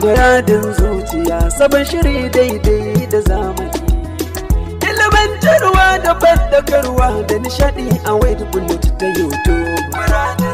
Muradin zuciya sabon shiri daidai da zamani. Ilimantarwa da bandakarwa da nishadi a wayar bullet ta YouTube.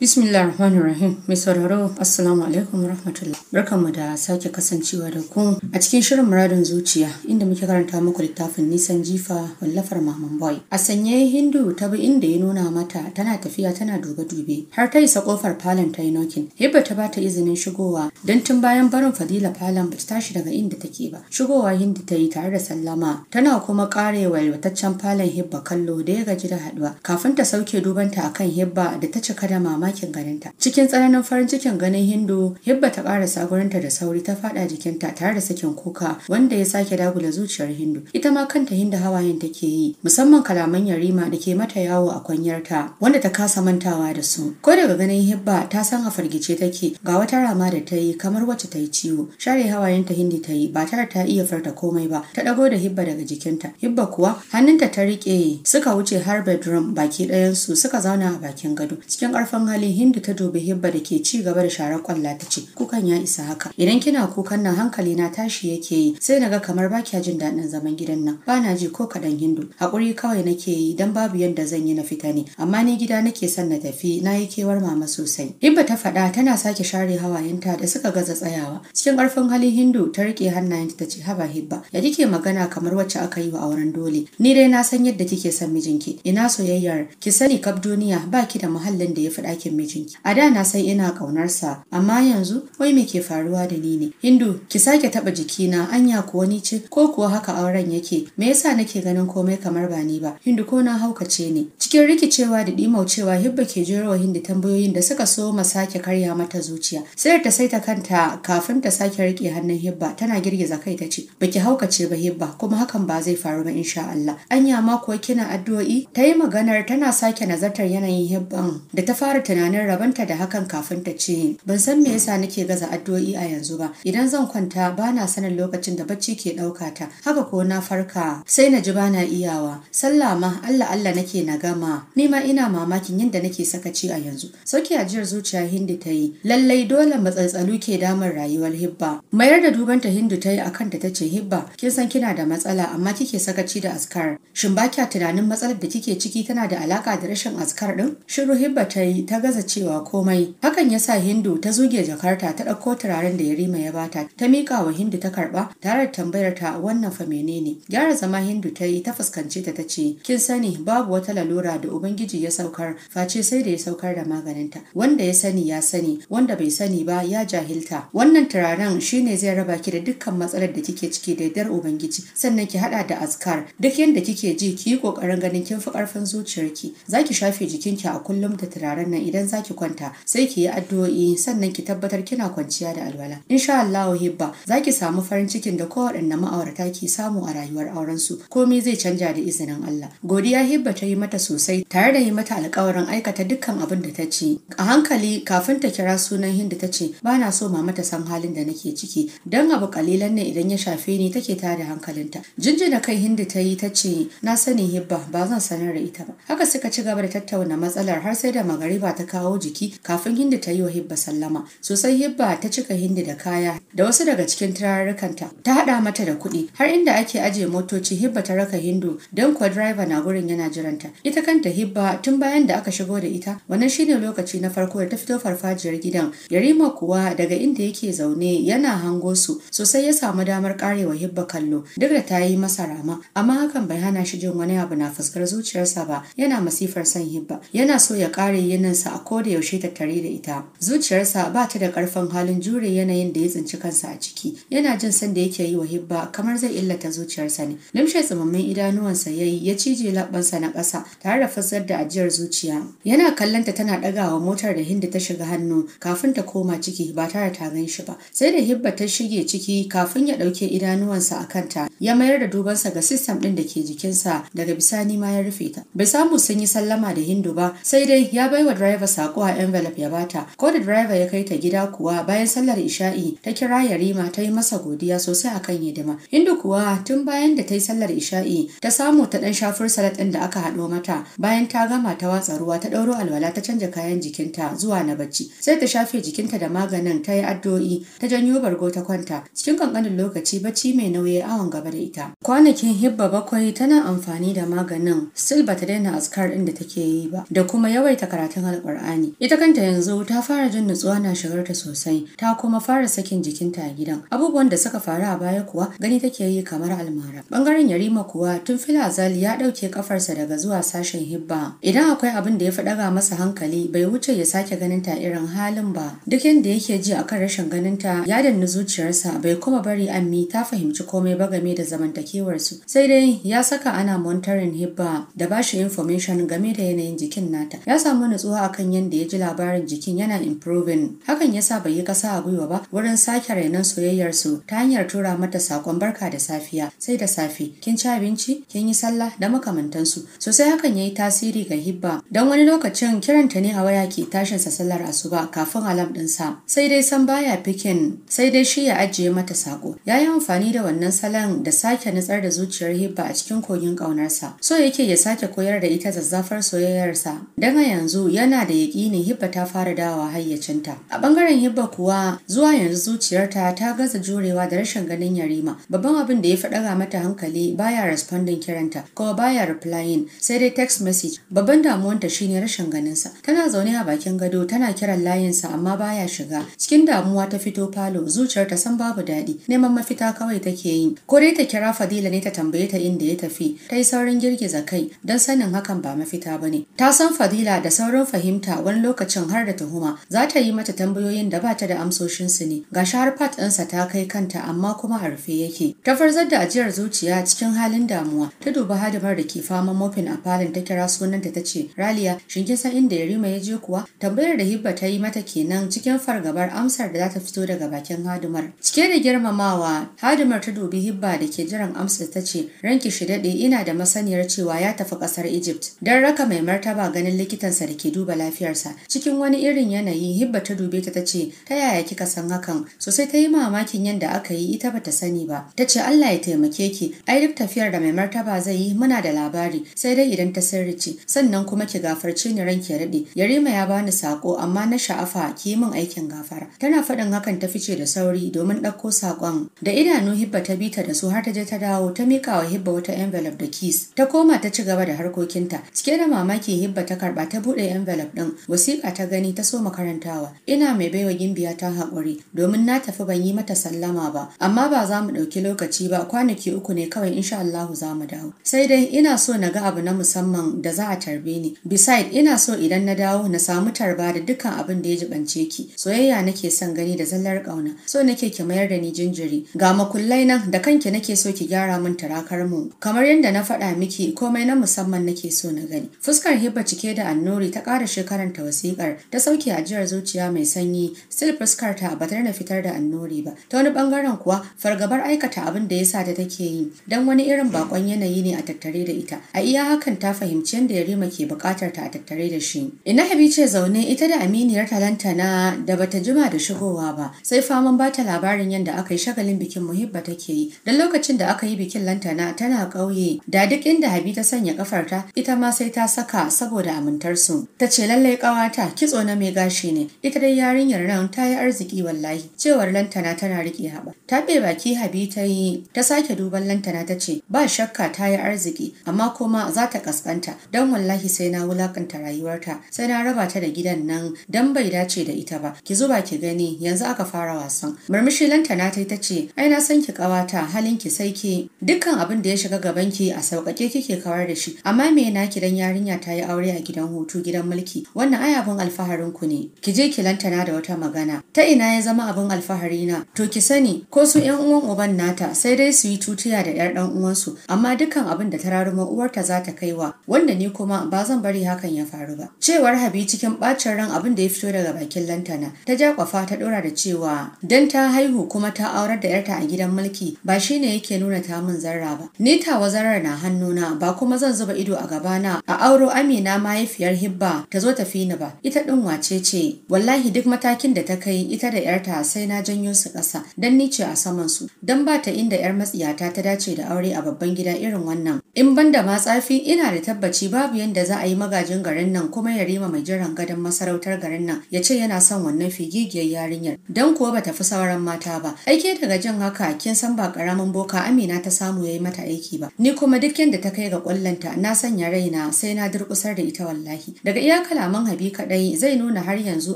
Bismillah rahim mai sauraro Assalamu alaikum rahmatullah. Barkanmu da sake kasancewa da ku a cikin shirin muradin zuciya inda muke karanta muku littafin nisan jifa wallafar Maman Boy. A sanye Hindu ta bi inda ya nuna mata tana tafiya tana dube dube har ta isa kofar falon ta yi nokin. Hibba ta bata izinin shigowa don tun bayan barin Fadila falon bata tashi daga inda take ba. Shigowa Hindu ta yi tare da sallama tana kuma karewa yalwataccen falon Hibba kallo da ya gaji da haduwa kafin ta sauke dubanta akan Hibba da ta cika da mama mamakin ganinta cikin tsananin farin cikin ganin hindu hibba ta ƙara sagurinta da sauri ta faɗa jikinta tare da sakin kuka wanda ya sake dagula zuciyar hindu ita ma kanta hindu hawayen take yi musamman kalaman yarima da ke mata yawo a kwanyarta wanda ta kasa mantawa da su ko daga ganin hibba ta san a fargice take ga wata rama da ta yi kamar wacce ta yi ciwo share hawayenta hindi ta yi ba tare ta iya farta komai ba ta dago da hibba daga jikinta hibba kuwa hannunta ta rike suka wuce har bedroom baki ɗayan su suka zauna a bakin gado cikin ƙarfin hali hali hindu ta dubi hibba da ke ci gaba da sharar kwalla ta ce kukan ya isa haka idan kina kukan nan hankali na tashi yake yi sai naga kamar ba kya jin daɗin zaman gidan nan ba na ji ko kaɗan hindu haƙuri kawai nake yi dan babu yadda zan yi na fita ne amma ni gida nake son na tafi na yi kewar mama sosai hibba ta faɗa tana sake share hawayenta da suka gaza tsayawa cikin karfin hali hindu ta riƙe hannayenta ta ce haba hibba ya kike magana kamar wacce aka yi wa auren dole ni dai na san yadda kike son mijinki ina soyayyar ki sani kab duniya ba ki da muhallin da ya fi ki cikin mijinki a da na san ina ƙaunarsa amma yanzu wai me ke faruwa da ni ne hindu ki sake taɓa jikina anya kuwa ni ce ko kuwa haka auren yake me yasa nake ganin komai kamar ba ni ba hindu ko na haukace ne cikin rikicewa da cewa, hibba ke jerowa hindu tambayoyin da suka so ma sake karya mata zuciya sai ta saita kanta kafin ta sake rike hannun hibba tana girgiza kai ta ce baki haukace ba hibba kuma hakan ba zai faru ba insha Allah anya ma kuwa kina addu'o'i ta yi maganar tana sake nazartar yanayin hibban da ta fara tunani tunanin rabanta da hakan kafin ta ce ban san me yasa nake gaza addu'o'i a yanzu ba idan zan kwanta bana sanin lokacin da bacci ke ɗauka ta haka ko na farka sai na ji bana iyawa sallah ma Allah Allah nake na gama ni ma ina mamakin yadda nake sakaci a yanzu sauki ajiyar zuciya Hindu ta yi lallai dole matsaltsalu ke damar rayuwar hibba mayar da duban ta hindu ta yi a kanta ta ce hibba kin san kina da matsala amma kike sakaci da askar shin ba kya tunanin matsalar da kike ciki tana da alaka da rashin askar din shiru hibba ta yi ta gaza cewa komai hakan ya sa hindu ta zuge jakarta ta ɗauko turaren da yarima ya bata ta mika wa hindu ta karɓa tare da tambayar ta wannan fa menene gyara zama hindu ta yi ta fuskanci ta ce kin sani babu wata lalura da ubangiji ya saukar face sai da ya saukar da maganinta wanda ya sani ya sani wanda bai sani ba ya jahilta wannan turaren shine zai raba ki da dukkan matsalar da kike ciki da yardar ubangiji sannan ki hada da askar duk yadda kike ji ki yi kokarin ganin kin fi karfin zuciyarki zaki shafe jikinki a kullum da turaren nan idan idan za ki kwanta sai ki yi addu'o'i sannan ki tabbatar kina kwanciya da alwala insha Allahu hibba Za ki samu farin cikin da kowaɗanne ma'aurata ke samu a rayuwar auren su komai zai canja da izinin Allah godiya hibba ta yi mata sosai tare da yi mata alƙawarin aikata dukkan abin da ta ce a hankali kafin ta kira sunan Hindu ta ce ba na so mama ta san halin da nake ciki dan abu kalilan ne idan ya shafe ni take ta da hankalinta jinjina kai Hindu ta yi ta ce na sani hibba ba zan sanar da ita ba haka suka ci gaba da tattauna matsalar har sai da magariba ta kawo jiki kafin Hindi ta yi wa Hibba sallama. Sosai Hibba ta cika Hindi da kaya da wasu daga cikin turarrukanta ta hada mata da kuɗi har inda ake ajiye motoci Hibba ta raka Hindu don kuwa driver na gurin yana jiranta. Ita kanta Hibba tun bayan da aka shigo da ita wannan shine lokaci na farko da ta fito farfajiyar gidan. Yarima kuwa daga inda yake zaune yana hango su sosai ya samu damar karewa Hibba kallo duk da ta yi masa rama amma hakan bai hana shi jin wani abu na fuskar zuciyarsa ba yana masifar son Hibba yana so ya kare yininsa kansa a koda yaushe tattare da ita zuciyarsa ba ta da karfin halin jure yanayin da ya tsinci kansa a ciki yana jin san da yake yi wa hibba kamar zai illata zuciyarsa ne limshe tsimammin idanuwansa yayi ya cije labbansa na ƙasa tare da fasar da ajiyar zuciya yana kallonta tana ɗagawa motar da hindi ta shiga hannu kafin ta koma ciki ba tare ta gan shi ba sai da hibba ta shige ciki kafin ya ɗauke idanuwansa a kanta ya mayar da dubansa ga sistem ɗin da ke jikinsa daga bisani ma ya rufe ta bai samu sun yi sallama da hindu ba sai dai ya baiwa wa driver driver sako a envelope ya bata ko da driver ya kai ta gida kuwa bayan sallar isha'i ta kira yarima ta yi masa godiya sosai a kan hidima hindu kuwa tun bayan da ta yi sallar isha'i ta samu ta dan shafur salat ɗin da aka haɗo mata bayan ta gama ta watsa ruwa ta ɗauro alwala ta canja kayan jikinta zuwa na bacci sai ta shafe jikinta da maganin ta yi addu'o'i ta janyo bargo ta kwanta cikin kankanin lokaci bacci mai nauyi ya awon gaba da ita kwanakin hibba bakwai tana amfani da maganin silba ta daina askar din da take yi ba da kuma yawaita karatun alƙur'ani Qur'ani. ita kanta yanzu ta fara jin nutsuwa na shigarta sosai ta kuma fara sakin jikinta a gidan abubuwan da suka faru a baya kuwa gani take yi kamar almara bangaren yarima kuwa tun filazal ya dauke kafarsa daga zuwa sashen hibba idan akwai abin da ya fi daga masa hankali bai wuce ya sake ganin ta irin halin ba duk yadda yake ji akan rashin ganin ta ya danna zuciyarsa bai kuma bari ammi ta fahimci komai ba game da zamantakewarsu sai dai ya saka ana montarin hibba da bashi information game da yanayin jikin nata ya samu nutsuwa akan akan yadda ya ji labarin jikin yana improving hakan yasa bai yi kasa a gwiwa ba wurin sake rainon soyayyar su ta hanyar tura mata sakon barka da safiya sai da safi kin ci abinci kin yi sallah da makamantansu sosai hakan ya yi tasiri ga hibba don wani lokacin kiranta ne a waya ke tashin sa sallar asuba kafin alam sa sai dai san baya fikin sai dai shi ya ajiye mata sako ya yi amfani da wannan salon da sake nutsar da zuciyar hibba a cikin kogin ƙaunarsa so yake ya sake koyar da ita zazzafar soyayyarsa don a yanzu yana da ne Hibba ta fara dawa hayyacinta. A bangaren Hibba kuwa zuwa yanzu zuciyarta ta gaza jurewa da rashin ganin Yarima. Babban abin da ya fi ɗaga mata hankali baya responding kiranta ko baya replying sai dai text message. Babban damuwanta shine rashin ganin sa Tana zaune a bakin gado tana kiran layinsa amma baya shiga. Cikin damuwa ta fito falo zuciyarta san babu daɗi neman mafita kawai take yi. Ko dai ta kira Fadila ne ta tambaye ta inda ya tafi. Ta yi saurin girgiza kai don sanin hakan ba mafita bane Ta san Fadila da saurin fahimta fahimta wani lokacin har da tuhuma za ta yi mata tambayoyin da ba ta da su ne ga har pat ɗinsa ta kai kanta amma kuma a rufe yake ta farzar da ajiyar zuciya cikin halin damuwa ta duba hadimar da ke fama mofin a falon ta kira sunanta ta ce raliya shin kin san inda yarima ya je kuwa tambayar da hibba ta yi mata kenan cikin fargabar amsar da za ta fito daga bakin hadimar cike da girmamawa hadimar ta dubi hibba da ke jiran amsar ta ce ranki shi daɗe ina da masaniyar cewa ya tafi ƙasar egypt don raka mai martaba ganin likitansa da ke duba lafiya lafiyarsa cikin wani irin yanayi hibba ta dube ta tace ta yaya kika san hakan sosai ta yi mamakin yadda aka yi ita bata sani ba ta ce Allah ya taimake ki ai duk tafiyar da mai martaba zai yi muna da labari sai dai idan ta sirrice sannan kuma ki gafarce ni ranki ya daɗe yarima ya bani sako amma na sha'afa ki yi min aikin gafara tana faɗin hakan ta fice da sauri domin ɗauko sakon da idanu hibba ta bita da su har ta je ta dawo ta mika wa hibba wata envelope da keys ta koma ta ci gaba da harkokinta cike da mamaki hibba ta karba ta buɗe envelope ɗin wasiƙa ta gani ta so makarantawa ina mai baiwa gimbiya ta haƙuri domin na tafi ban yi mata sallama ba amma ba za mu ɗauki lokaci ba kwanaki uku ne kawai insha Allahu za mu dawo sai dai ina so na ga abu na musamman da za a tarbe ni beside ina so idan na dawo na samu tarba da dukkan abin da ya jibance ki soyayya nake son gani da zallar ƙauna so nake ki mayar da ni jinjiri ga makullai nan da kanki nake so ki gyara min tarakar mu kamar yadda na faɗa miki komai na musamman nake so na gani fuskar hibba cike da annori ta ƙara ƙarshe karanta wasikar ta sauke ajiyar zuciya mai sanyi still fuskar ta ba tare da fitar da annori ba ta wani bangaren kuwa fargabar aikata abin da ya sa ta take yi don wani irin bakon yanayi ne a tattare da ita a iya hakan ta fahimci yadda Yarima ke bukatar ta a tattare da shi ina Habi ce zaune ita da aminiyar talanta na da bata jima da shigowa ba sai faman ba ta labarin yadda aka yi shagalin bikin muhibba take yi don lokacin da aka yi bikin lantana tana ƙauye da duk inda Habi ta sanya kafarta ita ma sai ta saka saboda amintarsu ta ce lallai ƙawata kitso na mai gashi ne ita dai yarinyar nan ta yi arziki wallahi cewar lantana tana riƙe haɓa ta ɓe baki habi ta yi ta sake duban lantana ta ce ba shakka ta yi arziki amma kuma za ta kaskanta don wallahi sai na wulakanta rayuwarta sai na raba ta da gidan nan don bai dace da ita ba ki zuba ki gani yanzu aka fara wasan murmushi lantana ta ta ce ai na san ki ƙawata halin ki sai ki dukkan abin da ya shiga gaban ki a sauƙaƙe kike kawar da shi amma me na ki dan yarinya ta yi aure a gidan hutu gidan mulki wannan ai abun alfaharin ku ne ki je ki lantana da wata magana ta ina ya zama abin alfahari na to ki sani ko su yan uwan uban nata sai dai su yi tutiya da yar dan uwansu amma dukkan abin da tararuma uwarta za ta kaiwa wanda ni kuma ba zan bari hakan ya faru ba cewar habi cikin bacin ran abin da ya fito daga bakin lantana ta ja kwafa ta dora da cewa dan ta haihu kuma ta aurar da yarta a gidan mulki ba shine yake nuna ta min zarra ba ni tawa zarra na hannuna ba kuma zan zuba ido a gabana a auro amina mahaifiyar hibba ta zo zo tafi ni ba ita din wace ce wallahi duk matakin da ta kai ita da yarta sai na janyo su ƙasa dan ni ce a saman su dan ba ta inda yar matsiyata ta dace da aure a babban gida irin wannan in banda da matsafi ina da tabbaci babu yanda za a yi magajin garin nan kuma ya rima mai jiran gadon masarautar garin nan ya ce yana son wannan figigiyar yarinyar dan kuwa ba ta fi sauran mata ba aike daga jin haka kin san ba karamin boka Amina ta samu yayi mata aiki ba ni kuma duk yanda ta kai ga kwallanta na sanya raina sai na durkusar da ita wallahi daga iyakar kalaman habi kadai zai nuna har yanzu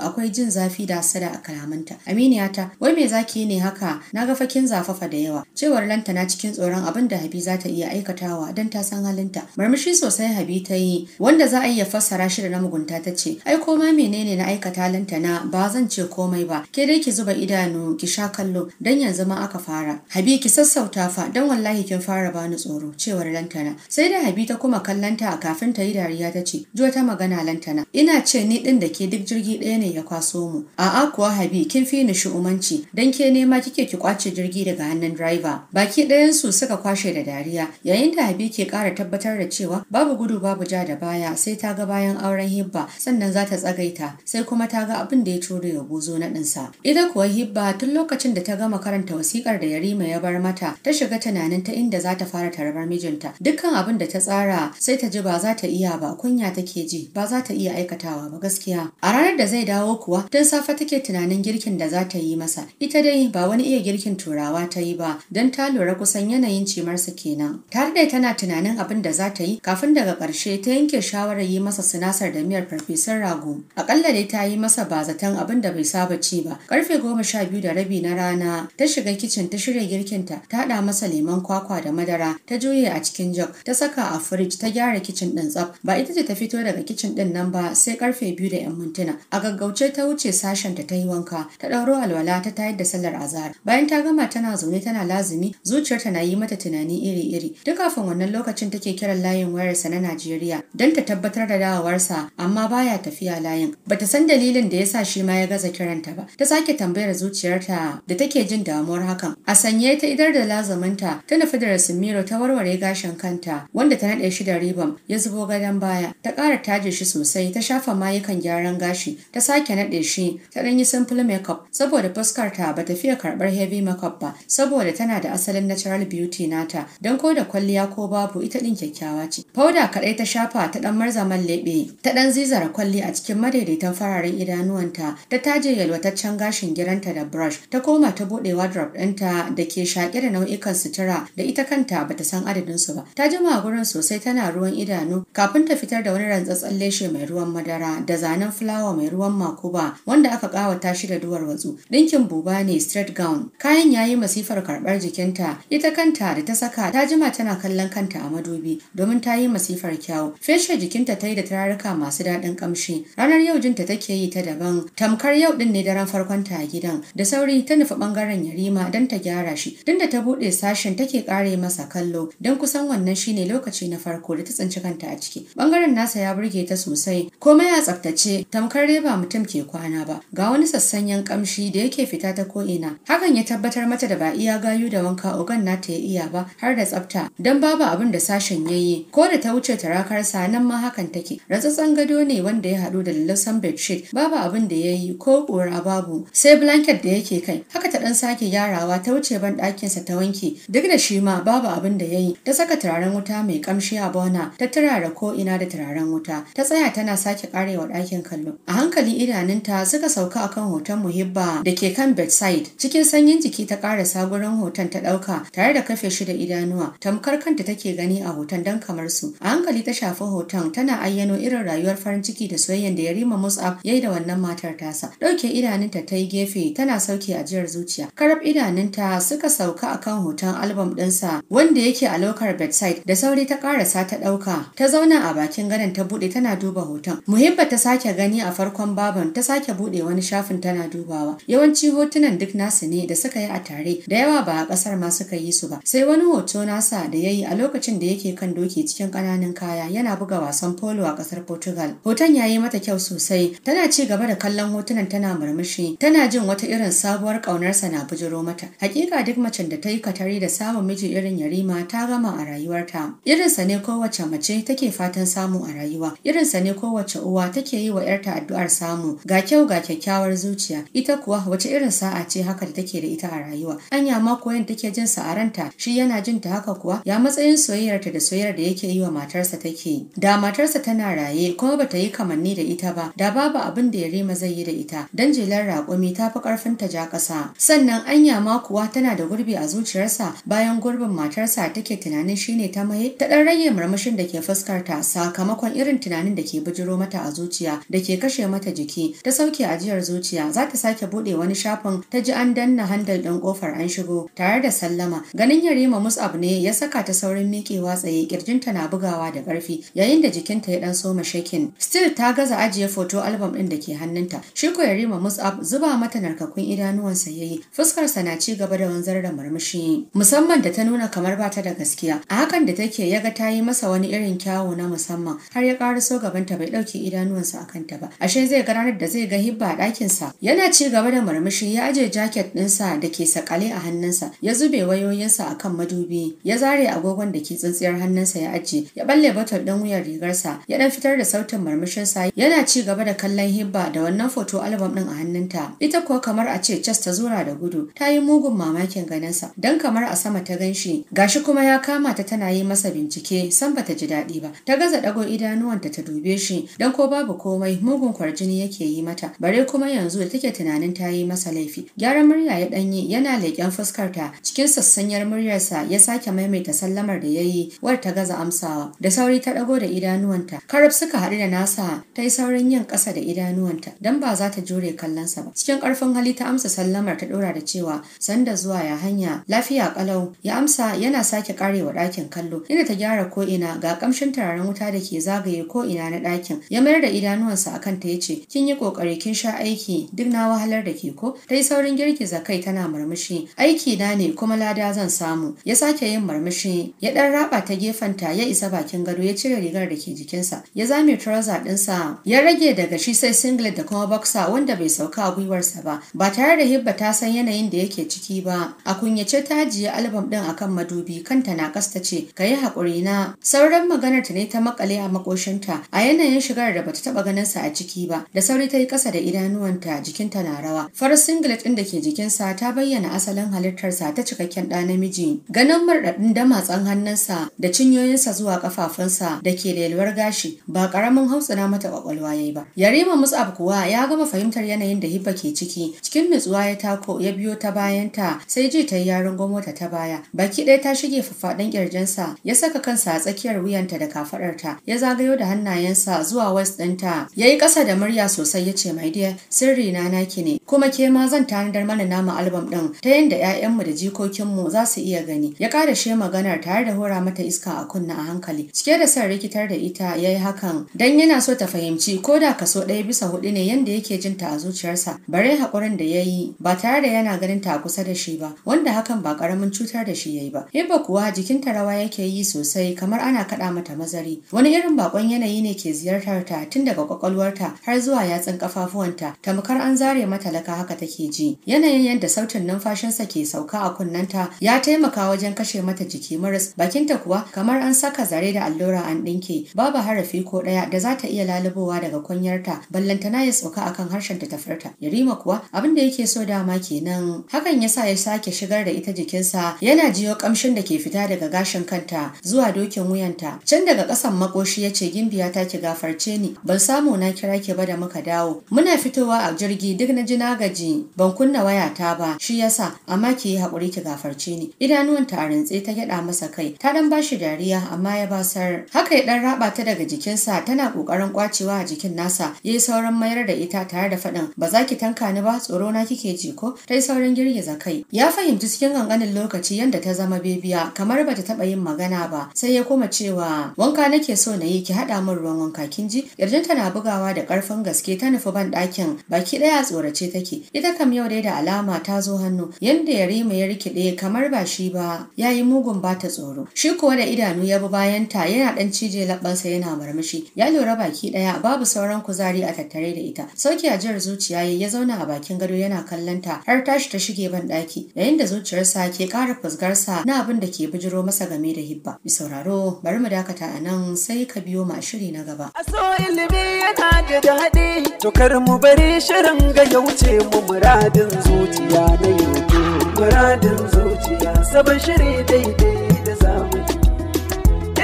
akwai jin zafi da sada a kalamanta aminiyata wai me zaki ne haka na ga fakin zafafa da yawa cewar lanta na cikin tsoron abin da habi za ta iya aikatawa don ta san halinta marmashi sosai habi ta yi wanda za a iya fassara shi da na mugunta ta ce ai koma menene na aikata lanta na ba zan ce komai ba ke dai ki zuba idanu ki sha kallo dan yanzu ma aka fara habi ki sassauta fa dan wallahi kin fara bani tsoro cewar lantana sai da habi ta kuma kallanta kafin ta yi dariya ta ce jo ta magana lantana ina ce ni din da ke duk jirgi ɗaya ne ya kwaso mu a'a kuwa habi kin fi ni shu'umanci dan ke nema kike ki kwace jirgi daga hannun driver baki ɗayan su suka kwashe da dariya yayin da habi ke ƙara tabbatar da cewa babu gudu babu ja da baya sai ta ga bayan auren hibba sannan za ta tsagaita sai kuma ta ga abin da ya ciro ya bozo na ɗinsa ita kuwa hibba tun lokacin da ta gama karanta wasikar da yarima ya bar mata ta shiga tunanin ta inda za ta fara tarbar mijinta dukkan abin da ta tsara sai ta ji ba za ta iya ba kunya take ji ba za ta iya aikatawa ba gaskiya a ranar da zai dawo kuwa tun safe take tunanin girkin da za ta yi masa ita dai ba wani iya girkin turawa ta yi ba don ta lura kusan yanayin cimarsa kenan tare da tana tunanin abin da za ta yi kafin daga ƙarshe ta yanke shawarar yi masa sinasar da miyar farfesun rago akalla dai ta yi masa zaton abin da bai saba ci ba karfe goma sha biyu da rabi na rana ta shiga kicin ta shirya girkinta ta haɗa masa lemon kwakwa da madara ta juye a cikin jog ta saka a firij ta gyara kicin ɗin tsaf ba ita ce ta fito daga kicin ɗin nan ba sai karfe biyu da yan mintuna a gaggauce ta wuce sashen ta yi wanka ta ɗauro alwala ta tayar da sallar azahar bayan ta gama tana zaune tana lazumi zuciyarta na yi mata tunani iri-iri duk kafin wannan lokacin take kiran layin wayarsa na Najeriya don ta tabbatar da dawowarsa amma baya tafiya layin bata san dalilin da yasa shi ma ya gaza kiranta ba ta sake tambayar zuciyarta da take jin damuwar hakan a sanye ta idar da lazuminta ta nufi da Rasimiro ta warware gashin kanta wanda ta naɗe shi da ribam ya zubo gadon baya ta ƙara taje shi sosai ta shafa mayukan gyaran gashi ta sake naɗe shi ta ɗan yi simple makeup saboda fuskar ta ba ta fiye karɓar heavy makeup ba saboda tana da asalin natural beauty nata don ko da kwalliya ko babu ita ɗin kyakkyawa ce. Fauda kaɗai ta shafa ta ɗan marzaman leɓe ta ɗan zizara kwalli a cikin madaidaitan fararen idanuwanta ta taje yalwataccen gashin giranta da brush ta koma ta buɗe wardrobe ɗinta da ke shaƙe da nau'ikan sutura da ita kanta ba ta san adadinsu ba. Ta jima gurin sosai tana ruwan idanu kafin ta fitar da wani rantsatsen leshe mai ruwa ruwan madara da zanen fulawa mai ruwan makuba wanda aka kawata shi da duwarwatsu. Ɗinkin buba ne straight gown. Kayan yayi masifar karɓar jikinta, ita kanta da ta saka ta jima tana kallon kanta a madubi domin ta yi masifar kyau. Feshe jikinta ta yi da turaruka masu daɗin ƙamshi. Ranar yau jinta take yi ta daban. Tamkar yau ɗin ne daren farkon ta a gidan. Da sauri ta nufi ɓangaren Yarima don ta gyara shi. da ta buɗe sashen take ƙare masa kallo don kusan wannan shine lokaci na farko da ta tsinci kanta a ciki. Ɓangaren nasa ya burge ta sosai koma komai ya tsaftace tamkar dai ba mutum ke kwana ba ga wani sassanyen kamshi da yake fita ta ko'ina hakan ya tabbatar mata da ba iya gayu da wanka ogan nata ya iya ba har da tsafta don babu abin da sashen yayi ko da ta wuce tarakarsa nan ma hakan take ratsatsan gado ne wanda ya haɗu da lallasan bedsheet babu abin da ya yi ko ƙura babu sai blanket da yake kai haka ta dan sake gyarawa ta wuce ban sa ta wanke duk da shi ma babu abin da ya yi ta saka turaren wuta mai kamshi a bona ta turara ko ina da turaren wuta ta tsaya tana sake karewa ɗakin kallo. A hankali idanunta suka sauka akan hoton muhibba da ke kan bedside. Cikin sanyin jiki ta karasa gurin hoton ta ɗauka tare da kafe shi da idanuwa. Tamkar kanta take gani a hoton don kamar su. A hankali ta shafi hoton tana ayyano irin rayuwar farin ciki da soyayyen da Yarima Mus'ab ya da wannan matar tasa. Ɗauke idanunta ta yi gefe tana sauke ajiyar zuciya. Karab idanunta suka sauka akan hoton album ɗinsa wanda yake a lokar bedside da sauri ta karasa ta ɗauka. Ta zauna a bakin gadon ta buɗe tana duba hoton. hoton. Muhimba ta sake gani a farkon baban ta sake bude wani shafin tana dubawa. Yawanci hotunan duk nasu ne da suka yi a tare da yawa ba a kasar ma suka yi su ba. Sai wani hoto nasa da ya yi a lokacin da yake kan doki cikin ƙananan kaya yana buga wasan polo a kasar Portugal. Hoton ya yi mata kyau sosai. Tana ci gaba da kallon hotunan tana murmushi. Tana jin wata irin sabuwar kaunarsa na bujiro mata. Hakika duk macen da ta yi katare da samun miji irin yarima ta gama a rayuwarta. Irinsa ne kowace mace take fatan samu a rayuwa. Irinsa ne kowace kowace uwa take yi wa 'yarta addu'ar samu ga kyau ga kyakkyawar zuciya ita kuwa wace irin sa'a ce haka da take da ita a rayuwa anya ma koyon take jin sa a ranta shi yana jin ta haka kuwa ya matsayin soyayyarta da soyayyar da yake yi wa matarsa take yi da matarsa tana raye kuma bata yi kamanni da ita ba da babu abin da ya rima zai yi da ita dan jelar raƙumi ta fi ƙarfin ta ja ƙasa sannan anya ma kuwa tana da gurbi a zuciyarsa bayan gurbin matarsa take tunanin shine ta maye ta dan rage murmushin da ke fuskar ta sakamakon irin tunanin da ke bijiro bujiro mata a zuciya da ke kashe mata jiki ta sauke ajiyar zuciya za ta sake bude wani shafin ta ji an danna handal ɗin kofar an shigo tare da sallama ganin yarima musab ne ya saka ta saurin miƙewa tsaye ƙirjinta na bugawa da ƙarfi yayin da jikinta ya dan soma shakin still ta gaza ajiye foto album ɗin da ke hannunta shi ko yarima musab zuba mata narkakun idanuwan idanuwansa yayi fuskarsa na ci gaba da wanzar da murmushi musamman da ta nuna kamar ba ta da gaskiya a hakan da take ya ga ta yi masa wani irin kyawu na musamman har ya gaban gabanta bai ɗauke idanuwansa a kanta ba ashe zai ga ranar da zai ga hibba a ɗakinsa yana ci gaba da murmushi ya aje jaket ɗinsa da ke sakale a hannunsa ya zube wayoyinsa a kan madubi ya zare agogon da ke tsintsiyar hannunsa ya ajiye. ya balle botol ɗin wuyar rigarsa ya ɗan fitar da sautin sa. yana ci gaba da kallon hibba da wannan foto albam ɗin a hannunta ita kuwa kamar a ce cas ta zura da gudu ta yi mugun mamakin ganinsa dan kamar a sama ta ganshi gashi kuma ya kama ta tana yi masa bincike san bata ji daɗi ba ta gaza ɗago idanuwanta ta dube shi don ko babu komai mugun kwarjini yake yi mata bare kuma yanzu da take tunanin ta yi masa laifi gyaran murya ya danyi yana leƙen fuskarta cikin sassanyar muryarsa ya sake maimaita sallamar da ya yi war ta gaza amsawa da sauri ta ɗago da idanuwanta karab suka haɗu da nasa ta yi saurin yin ƙasa da idanuwanta don ba za ta jure kallonsa ba cikin ƙarfin hali ta amsa sallamar ta ɗora da cewa sanda zuwa ya hanya lafiya ƙalau ya amsa yana sake ƙarewa ɗakin kallo inda ta gyara ko'ina ga ƙamshin turaren wuta da ke zagaye ko'ina na ɗakin ɗakin ya mayar da idanuwansa akan ya ce. kin yi kokari kin sha aiki duk na wahalar da ke ko ta yi saurin girgiza kai tana murmushi aiki na ne kuma lada zan samu ya sake yin murmushi ya dan raba ta gefen ta ya isa bakin gado ya cire rigar da ke jikinsa ya zame trouser ɗinsa ya rage daga shi sai singlet da kuma boxer wanda bai sauka a gwiwarsa ba ba tare da hibba ta san yanayin da yake ciki ba a kunyace ta ajiye albam ɗin akan madubi kanta na kasta ce ka yi hakuri na sauran maganar ta ne ta makale a makoshinta a yanayin ganin shigar da bata taba ganin sa a ciki ba da sauri ta yi kasa da idanuwanta jikinta na rawa far singlet din da ke jikin sa ta bayyana asalin halittarsa ta cikakken ɗa namiji ganin murɗaɗin damatsan hannunsa da sa zuwa kafafunsa da ke lelwar gashi ba ƙaramin hausuna mata kwakwalwa yayi ba yarima musab kuwa ya gama fahimtar yanayin da hibba ke ciki cikin nutsuwa ya tako ya biyo ta bayanta sai ji ta yi yarin gwamnati ta baya baki ɗaya ta shige faffaɗan sa. ya saka kansa a tsakiyar wuyanta da kafaɗarta ya zagayo da hannayensa zuwa west ɗinta ya yi ƙasa da murya sosai ya ce mai dear sirri na naki ne kuma ke ma zan tanadar mana namu albam ɗin ta yadda mu da jikokin mu za su iya gani ya she maganar tare da hora mata iska a kunna a hankali cike da son rikitar da ita yayi hakan dan yana so ta fahimci ko da kaso ɗaya bisa hudu ne yanda yake jin ta a zuciyarsa bare hakurin da yayi ba tare da yana ganin ta a kusa da shi ba wanda hakan ba karamin cutar da shi yayi ba yabba kuwa jikinta rawa yake yi sosai kamar ana kaɗa mata mazari wani irin bakon yanayi ne ke ziyar ta tun daga kwakwalwarta har zuwa yatsun kafafuwanta tamkar an zare mata laka haka take ji yanayin yadda sautin numfashinsa ke sauka a kunnanta ya taimaka wajen kashe mata jiki maras bakinta kuwa kamar an saka zare da allura an ɗinke babu harafi ko ɗaya da za ta iya lalubowa daga kunyarta ballantana ya sauka akan harshen ta tafarta yarima kuwa abin da yake so dama kenan hakan ya sa ya sake shigar da ita jikinsa yana jiyo kamshin da ke fita daga gashin kanta zuwa dokin wuyanta can daga ƙasan makoshi ya ce gimbiya ta ki gafar ni ban samu na kira ki ba da muka dawo muna fitowa a jirgi duk na ji na gaji ban kunna wayata ba shi yasa amma ki yi haƙuri ki gafarce ni idanuwan ta rintse ta gyaɗa masa kai ta dan bashi dariya amma ya basar haka ya dan raba ta daga jikinsa tana ƙoƙarin kwacewa a jikin nasa yayi sauran mayar da ita tare da faɗin ba za ki tanka ni ba tsoro na kike ji ko ta yi sauran girgiza kai ya fahimci cikin ƙanƙanin lokaci yadda ta zama bebiya kamar bata taba yin magana ba sai ya koma cewa wanka nake so na yi ki haɗa min ruwan wanka ki kin ji kirjinta na bugawa da karfin gaske ta nufi ban dakin baki ɗaya tsorace take ita kam yau dai da alama ta zo hannu yanda yarima ya rikide kamar ba shi ba yayi mugun ba ta tsoro shi kuwa da idanu ya bi bayan ta yana ɗan cije labbansa yana murmushi ya lura baki ɗaya babu sauran kuzari a tattare da ita sauki a jiyar zuciya ya zauna a bakin gado yana kallon ta har tashi ta shige ban daki yayin da zuciyarsa ke ƙara fusgarsa na abin da ke bijiro masa game da hibba. bi sauraro bari mu dakata anan, sai ka biyo ma shiri na gaba. So ilimi yana da daɗi, kar mu bari shirin ga ya wuce mu muradin zuciya na yanzu. Muradin zuciya sabon shiri daidai da zamani.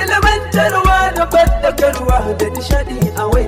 Ilimantarwa da fadakarwa da nishaɗi a wai.